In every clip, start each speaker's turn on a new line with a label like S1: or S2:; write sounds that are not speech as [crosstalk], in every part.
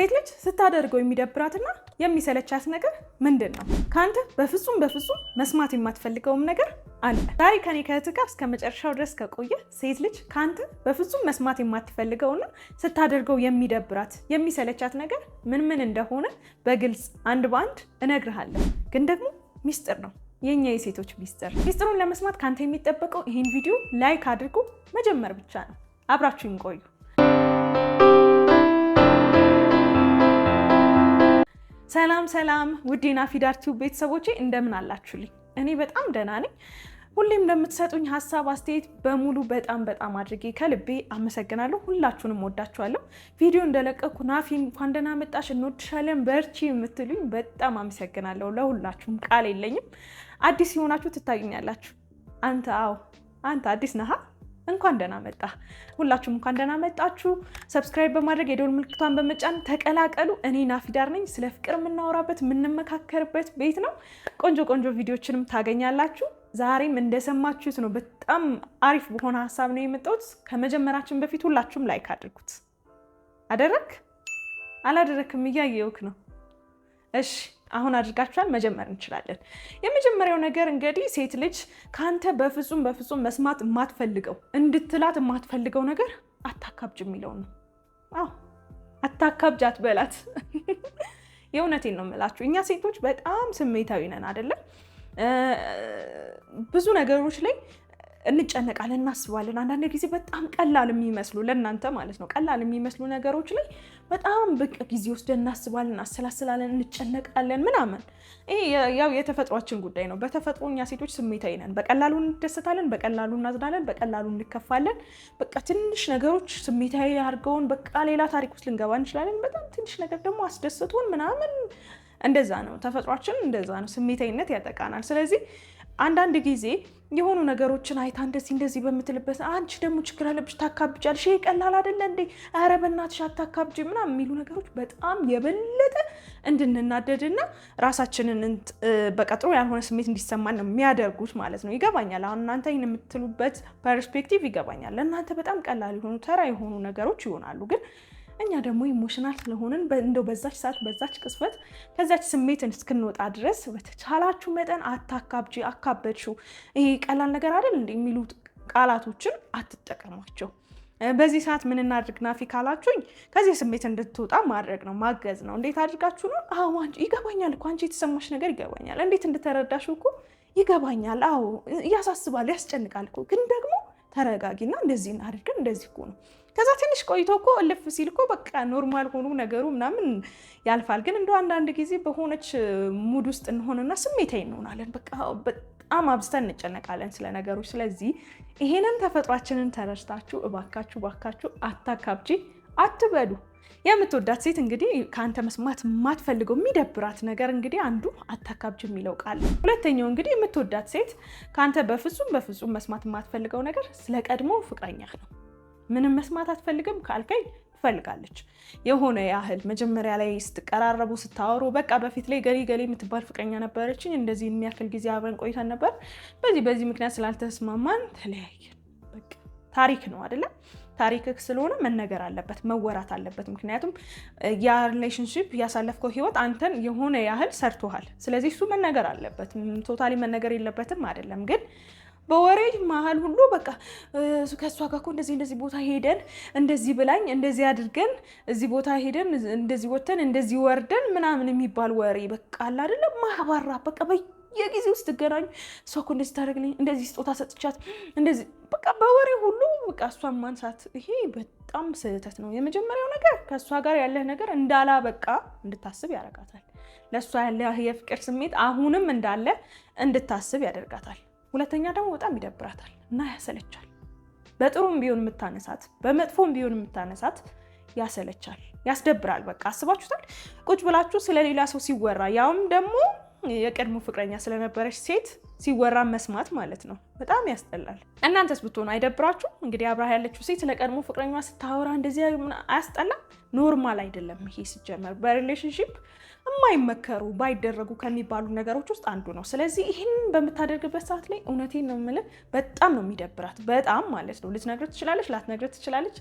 S1: ሴት ልጅ ስታደርገው የሚደብራትና የሚሰለቻት ነገር ምንድን ነው? ከአንተ በፍጹም በፍጹም መስማት የማትፈልገውም ነገር አለ። ዛሬ ከኔ ከእህትህ ጋር እስከ መጨረሻው ድረስ ከቆየ ሴት ልጅ ከአንተ በፍጹም መስማት የማትፈልገውና ስታደርገው የሚደብራት የሚሰለቻት ነገር ምን ምን እንደሆነ በግልጽ አንድ በአንድ እነግርሃለሁ። ግን ደግሞ ሚስጥር ነው የኛ የሴቶች ሚስጥር። ሚስጥሩን ለመስማት ከአንተ የሚጠበቀው ይህን ቪዲዮ ላይክ አድርጎ መጀመር ብቻ ነው። አብራችሁን ቆዩ። ሰላም ሰላም ውዴ ናፊዳር ቲዩብ ቤተሰቦቼ እንደምን አላችሁልኝ? እኔ በጣም ደህና ነኝ። ሁሌም ለምትሰጡኝ ሀሳብ አስተያየት በሙሉ በጣም በጣም አድርጌ ከልቤ አመሰግናለሁ። ሁላችሁንም ወዳችኋለሁ። ቪዲዮ እንደለቀኩ ናፊ እንኳን ደህና መጣሽ፣ እንወድሻለን፣ በርቺ የምትሉኝ በጣም አመሰግናለሁ። ለሁላችሁም ቃል የለኝም። አዲስ የሆናችሁ ትታዩኛላችሁ። አንተ አዎ አንተ አዲስ ነሃ እንኳን ደህና መጣ። ሁላችሁም እንኳን ደህና መጣችሁ። ሰብስክራይብ በማድረግ የደወል ምልክቷን በመጫን ተቀላቀሉ። እኔ ናፊዳር ነኝ። ስለ ፍቅር የምናወራበት የምንመካከርበት ቤት ነው። ቆንጆ ቆንጆ ቪዲዮችንም ታገኛላችሁ። ዛሬም እንደሰማችሁት ነው። በጣም አሪፍ በሆነ ሀሳብ ነው የመጣሁት። ከመጀመራችን በፊት ሁላችሁም ላይክ አድርጉት። አደረክ አላደረክም እያየውክ ነው። እሺ አሁን አድርጋችኋል መጀመር እንችላለን። የመጀመሪያው ነገር እንግዲህ ሴት ልጅ ከአንተ በፍጹም በፍጹም መስማት የማትፈልገው እንድትላት የማትፈልገው ነገር አታካብጅ የሚለው ነው። አዎ አታካብጅ፣ አትበላት። [laughs] የእውነቴን ነው የምላችሁ። እኛ ሴቶች በጣም ስሜታዊ ነን አይደለም? ብዙ ነገሮች ላይ እንጨነቃለን፣ እናስባለን። አንዳንድ ጊዜ በጣም ቀላል የሚመስሉ ለእናንተ ማለት ነው ቀላል የሚመስሉ ነገሮች ላይ በጣም በቃ ጊዜ ወስደን እናስባለን፣ አሰላስላለን፣ እንጨነቃለን ምናምን። ይሄ ያው የተፈጥሯችን ጉዳይ ነው። በተፈጥሮ እኛ ሴቶች ስሜታዊ ነን። በቀላሉ እንደሰታለን፣ በቀላሉ እናዝናለን፣ በቀላሉ እንከፋለን። በቃ ትንሽ ነገሮች ስሜታዊ አድርገውን በቃ ሌላ ታሪክ ውስጥ ልንገባ እንችላለን። በጣም ትንሽ ነገር ደግሞ አስደስቶን ምናምን እንደዛ ነው ተፈጥሯችን፣ እንደዛ ነው ስሜታዊነት ያጠቃናል። ስለዚህ አንዳንድ ጊዜ የሆኑ ነገሮችን አይታ እንደዚህ እንደዚህ በምትልበት አንቺ ደግሞ ችግር አለብሽ ታካብጫለሽ፣ ይሄ ቀላል አይደለ እንዴ? ኧረ በእናትሽ አታካብጪ ምናምን የሚሉ ነገሮች በጣም የበለጠ እንድንናደድና ራሳችንን በቀጥሮ ያልሆነ ስሜት እንዲሰማን ነው የሚያደርጉት ማለት ነው። ይገባኛል። አሁን እናንተ ይህን የምትሉበት ፐርስፔክቲቭ ይገባኛል። ለእናንተ በጣም ቀላል የሆኑ ተራ የሆኑ ነገሮች ይሆናሉ ግን እኛ ደግሞ ኢሞሽናል ስለሆንን እንደው በዛች ሰዓት በዛች ቅስፈት ከዛች ስሜትን እስክንወጣ ድረስ በተቻላችሁ መጠን አታካብጂ። አካበድሽው ይሄ ቀላል ነገር አይደል እንደ የሚሉ ቃላቶችን አትጠቀሟቸው። በዚህ ሰዓት ምን እናድርግ ናፊ ካላችሁኝ፣ ከዚህ ስሜት እንድትወጣ ማድረግ ነው ማገዝ ነው። እንዴት አድርጋችሁ ነው? አዎ ይገባኛል እኮ አንቺ የተሰማሽ ነገር ይገባኛል። እንዴት እንደተረዳሽው እኮ ይገባኛል። አዎ ያሳስባል፣ ያስጨንቃል እኮ ግን ደግሞ ተረጋጊና እንደዚህ እናድርግን እንደዚህ እኮ ነው ከዛ ትንሽ ቆይቶ እኮ እልፍ ሲል እኮ በቃ ኖርማል ሆኑ ነገሩ ምናምን ያልፋል። ግን እንደ አንዳንድ ጊዜ በሆነች ሙድ ውስጥ እንሆንና ስሜታዊ እንሆናለን። በቃ በጣም አብዝተን እንጨነቃለን ስለ ነገሮች። ስለዚህ ይሄንን ተፈጥሯችንን ተረድታችሁ እባካችሁ ባካችሁ አታካብጂ፣ አትበዱ። የምትወዳት ሴት እንግዲህ ከአንተ መስማት የማትፈልገው የሚደብራት ነገር እንግዲህ አንዱ አታካብጅ የሚለው ቃል፣ ሁለተኛው እንግዲህ የምትወዳት ሴት ከአንተ በፍጹም በፍጹም መስማት የማትፈልገው ነገር ስለ ቀድሞ ፍቅረኛ ነው። ምንም መስማት አትፈልግም ካልከኝ ትፈልጋለች። የሆነ ያህል መጀመሪያ ላይ ስትቀራረቡ ስታወሩ፣ በቃ በፊት ላይ ገሌ ገሌ የምትባል ፍቅረኛ ነበረችኝ፣ እንደዚህ የሚያክል ጊዜ አብረን ቆይተን ነበር፣ በዚህ በዚህ ምክንያት ስላልተስማማን ተለያየን። በቃ ታሪክ ነው አይደለም ታሪክ ስለሆነ መነገር አለበት፣ መወራት አለበት። ምክንያቱም ያ ሪሌሽንሽፕ ያሳለፍከው ህይወት አንተን የሆነ ያህል ሰርቶሃል። ስለዚህ እሱ መነገር አለበት። ቶታሊ መነገር የለበትም አይደለም ግን በወሬ መሀል ሁሉ በቃ ከእሷ ጋር እኮ እንደዚህ እንደዚህ ቦታ ሄደን እንደዚህ ብላኝ እንደዚህ አድርገን እዚህ ቦታ ሄደን እንደዚህ ወተን እንደዚህ ወርደን ምናምን የሚባል ወሬ በቃ አለ አይደለም ማህባራ በቃ በየጊዜው ስትገናኙ እሷ እኮ እንደዚህ ታደርግልኝ፣ እንደዚህ ስጦታ ሰጥቻት፣ እንደዚህ በቃ በወሬ ሁሉ በቃ እሷን ማንሳት ይሄ በጣም ስህተት ነው። የመጀመሪያው ነገር ከእሷ ጋር ያለህ ነገር እንዳላ በቃ እንድታስብ ያደርጋታል። ለእሷ ያለ የፍቅር ስሜት አሁንም እንዳለ እንድታስብ ያደርጋታል። ሁለተኛ ደግሞ በጣም ይደብራታል እና ያሰለቻል። በጥሩም ቢሆን የምታነሳት በመጥፎም ቢሆን የምታነሳት ያሰለቻል፣ ያስደብራል። በቃ አስባችሁታል? ቁጭ ብላችሁ ስለሌላ ሰው ሲወራ ያውም ደግሞ የቀድሞ ፍቅረኛ ስለነበረች ሴት ሲወራ መስማት ማለት ነው። በጣም ያስጠላል። እናንተስ ብትሆኑ አይደብራችሁ? እንግዲህ አብራህ ያለችው ሴት ለቀድሞ ፍቅረኛ ስታወራ እንደዚህ አያስጠላም? ኖርማል አይደለም ይሄ ሲጀመር በሪሌሽንሽፕ የማይመከሩ ባይደረጉ ከሚባሉ ነገሮች ውስጥ አንዱ ነው። ስለዚህ ይህን በምታደርግበት ሰዓት ላይ እውነቴን ነው የምልህ በጣም ነው የሚደብራት። በጣም ማለት ነው። ልትነግርህ ትችላለች፣ ላትነግርህ ትችላለች።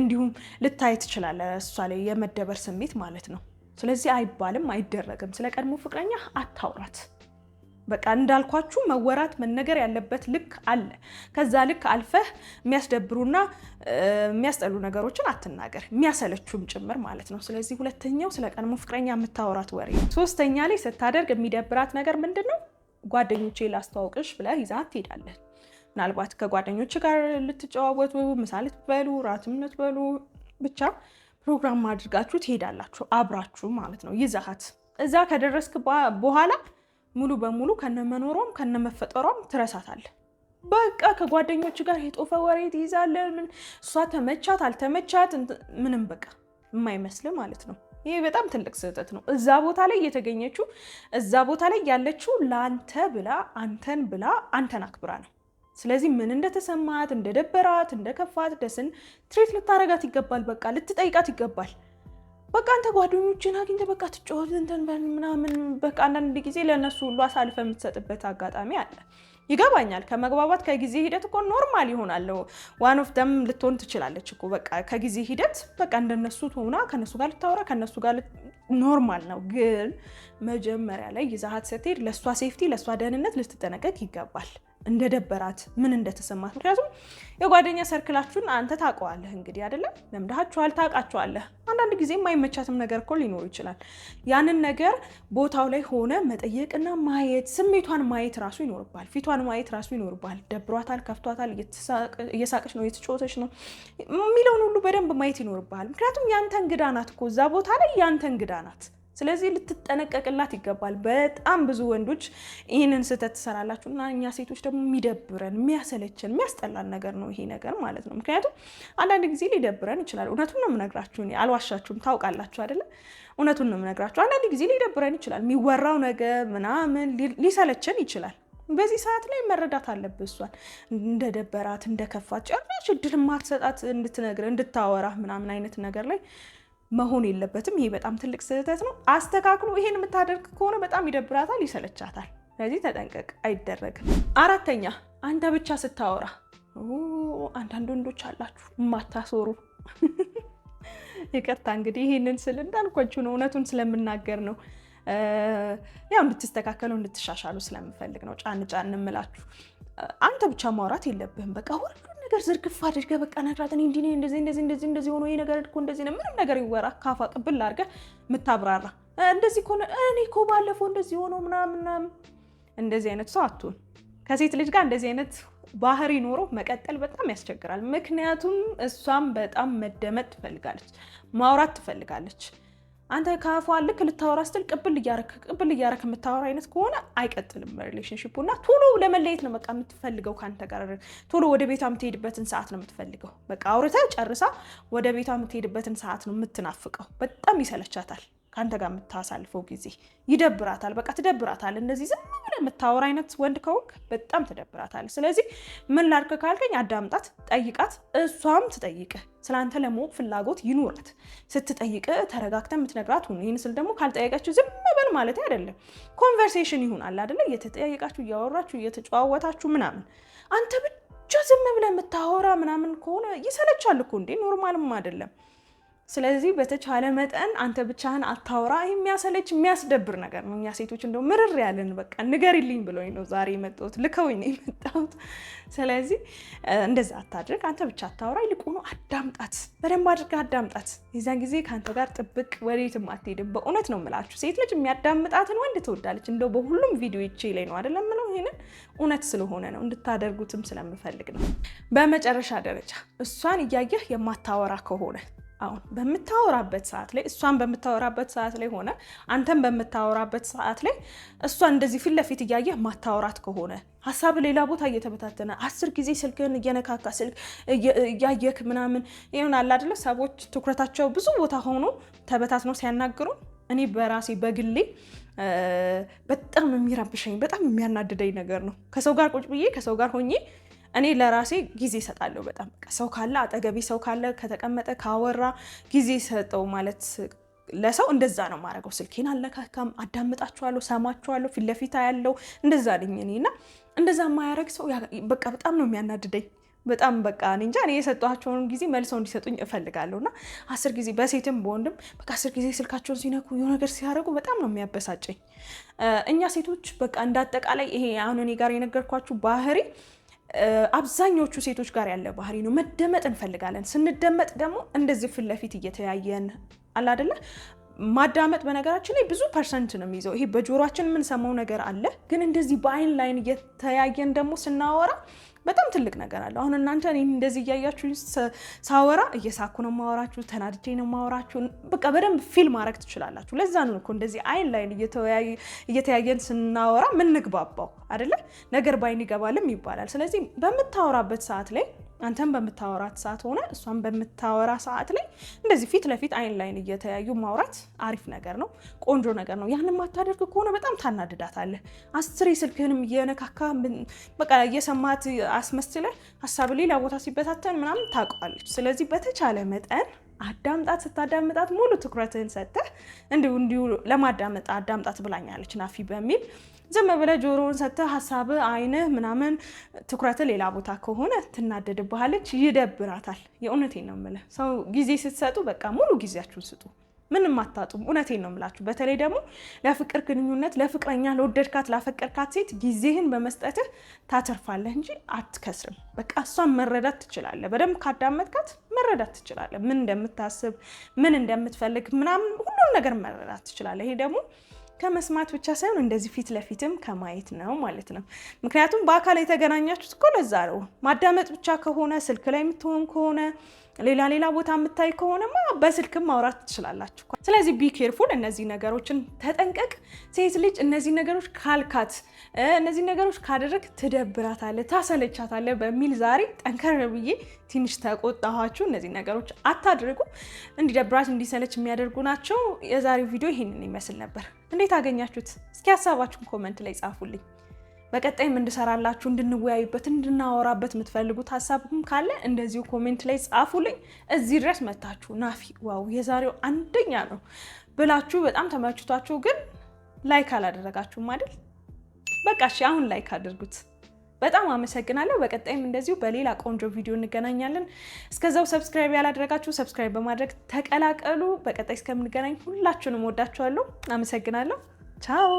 S1: እንዲሁም ልታይ ትችላለህ እሷ ላይ የመደበር ስሜት ማለት ነው። ስለዚህ አይባልም፣ አይደረግም። ስለ ቀድሞ ፍቅረኛ አታውራት። በቃ እንዳልኳችሁ መወራት መነገር ያለበት ልክ አለ። ከዛ ልክ አልፈህ የሚያስደብሩና የሚያስጠሉ ነገሮችን አትናገር፣ የሚያሰለችም ጭምር ማለት ነው። ስለዚህ ሁለተኛው ስለ ቀድሞ ፍቅረኛ የምታወራት ወሬ። ሶስተኛ ላይ ስታደርግ የሚደብራት ነገር ምንድን ነው? ጓደኞቼ ላስተዋውቅሽ ብለህ ይዛ ትሄዳለህ። ምናልባት ከጓደኞች ጋር ልትጨዋወቱ፣ ምሳ ልትበሉ፣ ራትም ልትበሉ ብቻ ፕሮግራም አድርጋችሁ ትሄዳላችሁ፣ አብራችሁ ማለት ነው። ይዛት እዛ ከደረስክ በኋላ ሙሉ በሙሉ ከነመኖሯም ከነመፈጠሯም ትረሳታል። በቃ ከጓደኞች ጋር የጦፈ ወሬ ትይዛለህ። ምን እሷ ተመቻት አልተመቻት ምንም በቃ የማይመስል ማለት ነው። ይሄ በጣም ትልቅ ስህተት ነው። እዛ ቦታ ላይ የተገኘችው እዛ ቦታ ላይ ያለችው ለአንተ ብላ አንተን ብላ አንተን አክብራ ነው። ስለዚህ ምን እንደተሰማት፣ እንደደበራት፣ እንደከፋት ደስን ትሬት ልታረጋት ይገባል። በቃ ልትጠይቃት ይገባል። በቃ አንተ ጓደኞችን አግኝተህ በቃ ትጫወት እንትን ምናምን በቃ አንዳንድ ጊዜ ለእነሱ ሁሉ አሳልፈ የምትሰጥበት አጋጣሚ አለ። ይገባኛል። ከመግባባት ከጊዜ ሂደት እኮ ኖርማል ይሆናል። ዋን ኦፍ ደም ልትሆን ትችላለች እኮ በቃ ከጊዜ ሂደት በቃ እንደነሱ ሆና ከነሱ ጋር ልታወራ ከነሱ ጋር ኖርማል ነው። ግን መጀመሪያ ላይ ይዛሀት ስትሄድ ለእሷ ሴፍቲ፣ ለእሷ ደህንነት ልትጠነቀቅ ይገባል። እንደደበራት ምን እንደተሰማት። ምክንያቱም የጓደኛ ሰርክላችሁን አንተ ታውቀዋለህ እንግዲህ አይደለም ለምዳችኋል፣ ታውቃችኋለህ። አንዳንድ ጊዜ የማይመቻትም ነገር እኮ ሊኖሩ ይችላል። ያንን ነገር ቦታው ላይ ሆነ መጠየቅና ማየት፣ ስሜቷን ማየት ራሱ ይኖርባል፣ ፊቷን ማየት ራሱ ይኖርባል። ደብሯታል፣ ከፍቷታል፣ እየሳቀች ነው፣ እየተጫወተች ነው የሚለውን ሁሉ በደንብ ማየት ይኖርባል። ምክንያቱም ያንተ እንግዳ ናት እኮ እዛ ቦታ ላይ ያንተ እንግዳ ናት። ስለዚህ ልትጠነቀቅላት ይገባል። በጣም ብዙ ወንዶች ይህንን ስህተት ትሰራላችሁ እና እኛ ሴቶች ደግሞ የሚደብረን የሚያሰለችን የሚያስጠላን ነገር ነው ይሄ ነገር ማለት ነው። ምክንያቱም አንዳንድ ጊዜ ሊደብረን ይችላል። እውነቱን ነው የምነግራችሁ፣ አልዋሻችሁም። ታውቃላችሁ አይደለ? እውነቱን ነው የምነግራችሁ። አንዳንድ ጊዜ ሊደብረን ይችላል። የሚወራው ነገር ምናምን ሊሰለችን ይችላል። በዚህ ሰዓት ላይ መረዳት አለብህ እሷን እንደ ደበራት እንደ እድል ማትሰጣት እንድትነግር እንድታወራ ምናምን አይነት ነገር ላይ መሆን የለበትም። ይሄ በጣም ትልቅ ስህተት ነው። አስተካክሉ ይሄን የምታደርግ ከሆነ በጣም ይደብራታል፣ ይሰለቻታል። ስለዚህ ተጠንቀቅ፣ አይደረግም። አራተኛ አንተ ብቻ ስታወራ። አንዳንድ ወንዶች አላችሁ የማታሰሩ [laughs] ይቅርታ እንግዲህ ይህንን ስል እንዳልኳችሁ ነው፣ እውነቱን ስለምናገር ነው። ያው እንድትስተካከሉ እንድትሻሻሉ ስለምፈልግ ነው ጫን ጫን እምላችሁ። አንተ ብቻ ማውራት የለብህም በቃ ሁሉ ነገር ዝርግፍ አድርገህ በቃ ነግራት እኔ እንዲህ እንደዚህ እንደዚህ እንደዚህ እንደዚህ ሆኖ ይሄ ነገር እኮ እንደዚህ ነው፣ ምንም ነገር ይወራ ካፋ ቅብል አድርገህ የምታብራራ እንደዚህ ከሆነ እኔ እኮ ባለፈው እንደዚህ ሆኖ ምናምን ምናምን፣ እንደዚህ አይነት ሰው አትሁን። ከሴት ልጅ ጋር እንደዚህ አይነት ባህሪ ኖሮ መቀጠል በጣም ያስቸግራል። ምክንያቱም እሷም በጣም መደመጥ ትፈልጋለች፣ ማውራት ትፈልጋለች። አንተ ከአፏ ልክ ልታወራ ስትል ቅብል እያረክ ቅብል እያረክ የምታወራ አይነት ከሆነ አይቀጥልም ሪሌሽንሽፑ እና ቶሎ ለመለየት ነው በቃ የምትፈልገው ከአንተ ጋር ቶሎ ወደ ቤቷ የምትሄድበትን ሰዓት ነው የምትፈልገው። በቃ አውርተህ ጨርሳ ወደ ቤቷ የምትሄድበትን ሰዓት ነው የምትናፍቀው። በጣም ይሰለቻታል ከአንተ ጋር የምታሳልፈው ጊዜ ይደብራታል። በቃ ትደብራታል። እንደዚህ ዝም የምታወራ አይነት ወንድ ከሆንክ በጣም ትደብራታለህ። ስለዚህ ምን ላድርግ ካልከኝ አዳምጣት፣ ጠይቃት፣ እሷም ትጠይቅህ። ስለአንተ ለማወቅ ፍላጎት ይኑራት። ስትጠይቅ ተረጋግተ የምትነግራት ሁን። ይህን ስል ደግሞ ካልጠየቀችው ዝም በል ማለት አይደለም። ኮንቨርሴሽን አለ አደለ፣ እየተጠያየቃችሁ እያወራችሁ እየተጨዋወታችሁ ምናምን አንተ ብቻ ዝም ብለህ የምታወራ ምናምን ከሆነ ይሰለቻል እኮ እንዴ! ኖርማልም አይደለም። ስለዚህ በተቻለ መጠን አንተ ብቻህን አታውራ። የሚያሰለች የሚያስደብር ነገር ነው። እኛ ሴቶች እንደው ምርር ያለን በቃ ንገሪልኝ ብሎኝ ነው ዛሬ የመጣሁት፣ ልከውኝ ነው የመጣሁት። ስለዚህ እንደዛ አታድርግ፣ አንተ ብቻ አታውራ። ይልቁኑ አዳምጣት፣ በደንብ አድርገ አዳምጣት። የዚያን ጊዜ ከአንተ ጋር ጥብቅ ወዴትም አትሄድም። በእውነት ነው የምላችሁ፣ ሴት ልጅ የሚያዳምጣትን ወንድ ትወዳለች። እንደው በሁሉም ቪዲዮ ይቼ ላይ ነው አይደለም የምለው። ይህንን እውነት ስለሆነ ነው እንድታደርጉትም ስለምፈልግ ነው። በመጨረሻ ደረጃ እሷን እያየህ የማታወራ ከሆነ አሁን በምታወራበት ሰዓት ላይ እሷን በምታወራበት ሰዓት ላይ ሆነ አንተን በምታወራበት ሰዓት ላይ እሷ እንደዚህ ፊት ለፊት እያየህ ማታወራት ከሆነ ሀሳብ ሌላ ቦታ እየተበታተነ አስር ጊዜ ስልክህን እየነካካ ስልክ እያየክ ምናምን ይሁን አለ አይደለ? ሰዎች ትኩረታቸው ብዙ ቦታ ሆኖ ተበታትነው ሲያናግሩ እኔ በራሴ በግሌ በጣም የሚረብሸኝ በጣም የሚያናድደኝ ነገር ነው። ከሰው ጋር ቁጭ ብዬ ከሰው ጋር ሆኜ እኔ ለራሴ ጊዜ ሰጣለሁ። በጣም ሰው ካለ አጠገቢ ሰው ካለ ከተቀመጠ ካወራ ጊዜ ሰጠው ማለት ለሰው እንደዛ ነው ማድረገው። ስልኬን አለካካም፣ አዳምጣችኋለሁ፣ ሰማችኋለሁ፣ ፊት ለፊት ያለው እንደዛ ነኝ እኔ እና እንደዛ ማያደረግ ሰው በቃ በጣም ነው የሚያናድደኝ። በጣም በቃ እንጃ እኔ የሰጧቸውን ጊዜ መልሰው እንዲሰጡኝ እፈልጋለሁ እና አስር ጊዜ በሴትም በወንድም በቃ አስር ጊዜ ስልካቸውን ሲነኩ የሆነ ነገር ሲያደርጉ በጣም ነው የሚያበሳጨኝ። እኛ ሴቶች በቃ እንዳጠቃላይ ይሄ አሁን እኔ ጋር የነገርኳችሁ ባህሪ አብዛኞቹ ሴቶች ጋር ያለ ባህሪ ነው። መደመጥ እንፈልጋለን። ስንደመጥ ደግሞ እንደዚህ ፊት ለፊት እየተያየን አለ አይደለ ማዳመጥ በነገራችን ላይ ብዙ ፐርሰንት ነው የሚይዘው። ይሄ በጆሯችን የምንሰማው ነገር አለ፣ ግን እንደዚህ በአይን ላይን እየተያየን ደግሞ ስናወራ በጣም ትልቅ ነገር አለ። አሁን እናንተ እንደዚህ እያያችሁ ሳወራ እየሳኩ ነው ማወራችሁ፣ ተናድጄ ነው ማወራችሁ። በቃ በደንብ ፊል ማድረግ ትችላላችሁ። ለዛ ነው እኮ እንደዚህ አይን ላይን እየተያየን ስናወራ ምንግባባው አደለ? ነገር ባይን ይገባልም ይባላል። ስለዚህ በምታወራበት ሰዓት ላይ አንተን በምታወራት ሰዓት ሆነ እሷን በምታወራ ሰዓት ላይ እንደዚህ ፊት ለፊት አይን ላይን እየተያዩ ማውራት አሪፍ ነገር ነው፣ ቆንጆ ነገር ነው። ያንን ማታደርግ ከሆነ በጣም ታናድዳታለህ። አስሬ ስልክህንም እየነካካ በቃ እየሰማት አስመስለ ሀሳብ ሌላ ቦታ ሲበታተን ምናምን ታውቀዋለች። ስለዚህ በተቻለ መጠን አዳምጣት። ስታዳምጣት ሙሉ ትኩረትህን ሰጥተህ እንዲሁ እንዲሁ ለማዳመጥ አዳምጣት ብላኛለች ናፊ በሚል ዝም ብለህ ጆሮውን ሰጥተህ ሀሳብህ አይንህ ምናምን ትኩረትህ ሌላ ቦታ ከሆነ ትናደድብሃለች፣ ይደብራታል። የእውነቴን ነው የምልህ። ሰው ጊዜ ስትሰጡ በቃ ሙሉ ጊዜያችሁን ስጡ። ምንም አታጡም። እውነቴን ነው የምላችሁ። በተለይ ደግሞ ለፍቅር ግንኙነት፣ ለፍቅረኛ፣ ለወደድካት ላፈቀድካት ሴት ጊዜህን በመስጠትህ ታተርፋለህ እንጂ አትከስርም። በቃ እሷን መረዳት ትችላለህ። በደንብ ካዳመጥካት መረዳት ትችላለህ። ምን እንደምታስብ፣ ምን እንደምትፈልግ ምናምን ሁሉም ነገር መረዳት ትችላለህ። ይሄ ደግሞ ከመስማት ብቻ ሳይሆን እንደዚህ ፊት ለፊትም ከማየት ነው ማለት ነው። ምክንያቱም በአካል የተገናኛችሁት እኮ ለዛ ነው። ማዳመጥ ብቻ ከሆነ ስልክ ላይ የምትሆን ከሆነ ሌላ ሌላ ቦታ የምታይ ከሆነማ በስልክም ማውራት ትችላላችሁ። ስለዚህ ቢ ኬርፉል፣ እነዚህ ነገሮችን ተጠንቀቅ። ሴት ልጅ እነዚህ ነገሮች ካልካት፣ እነዚህ ነገሮች ካደረግ ትደብራታለህ፣ ታሰለቻታለህ በሚል ዛሬ ጠንከር ብዬ ትንሽ ተቆጣኋችሁ። እነዚህ ነገሮች አታድርጉ፣ እንዲደብራት እንዲሰለች የሚያደርጉ ናቸው። የዛሬው ቪዲዮ ይህንን ይመስል ነበር። እንዴት አገኛችሁት? እስኪ ሀሳባችሁን ኮመንት ላይ ጻፉልኝ። በቀጣይም እንድሰራላችሁ እንድንወያዩበት እንድናወራበት የምትፈልጉት ሀሳብም ካለ እንደዚሁ ኮሜንት ላይ ጻፉልኝ። እዚህ ድረስ መታችሁ ናፊ ዋው የዛሬው አንደኛ ነው ብላችሁ በጣም ተመችቷችሁ ግን ላይክ አላደረጋችሁም አይደል? በቃ እሺ አሁን ላይክ አድርጉት። በጣም አመሰግናለሁ። በቀጣይም እንደዚሁ በሌላ ቆንጆ ቪዲዮ እንገናኛለን። እስከዛው ሰብስክራይብ ያላደረጋችሁ ሰብስክራይብ በማድረግ ተቀላቀሉ። በቀጣይ እስከምንገናኝ ሁላችሁንም ወዳችኋለሁ። አመሰግናለሁ። ቻው